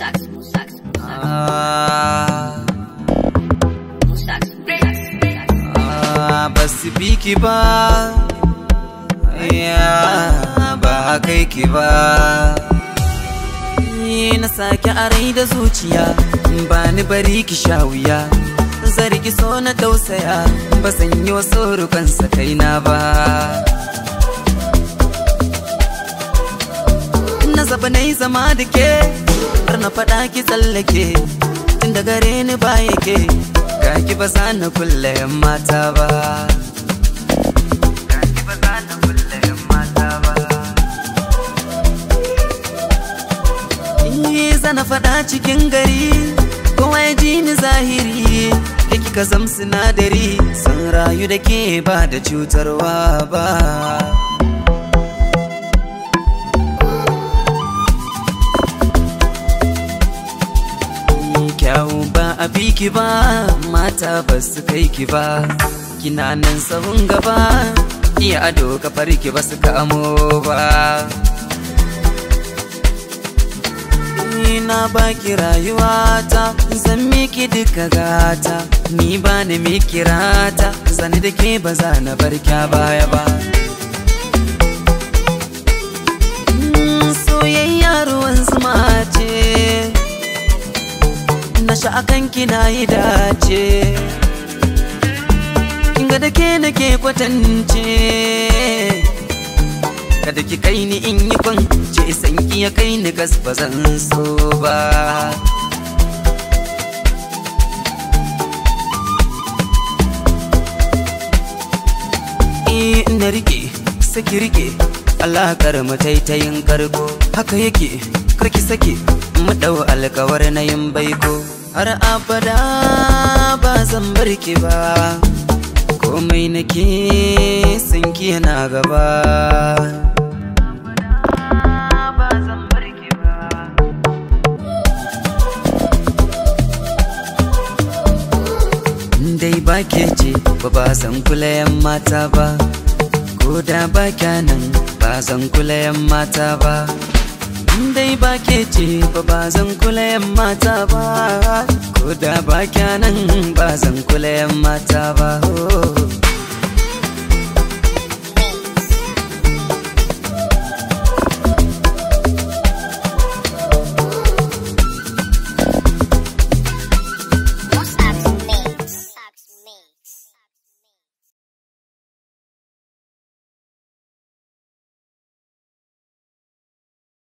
Musax, ah, ba su bi ki ba. ba kai ki ba. Na sake arai da zuciya, ba ni bari ki sha wuya. Zargi so na tausaya, ba san yi wasu rukansa kaina ba. na zaba na yi zama da ke na faɗa ki tsallake tun da gare ni ba yake ka ki ba za na kulle mata ba na faɗa cikin gari kowa ya ji ni zahiri da kika zam sinadari sun rayu da ke ba da cutarwa ba Abi ki ba mata ba kai ki ba kina nan sahun gaba iya ado ka ki ba suka amo ba na baki ta zan miki duka gata ni ba ni miki rata zan da ke ba za na barka baya ba akan kina yi dace kinga da ke nake kwatance kada ki kai ni in yi kwance sanki ya kai ni gas ba zan so ba eh, na rike saki rike Allah karma taitayin karbo haka yake karki sake mu alkawar na yin baiko har abada ba zan bar ki ba komai nake sun ki na gaba dai ba ke ce ba ba san yan mata ba ko da ba kyanan ba san yan mata ba dai ba ke ce ba ba zan kula yan mata ba ko da ba kyanan ba zan kula yan mata ba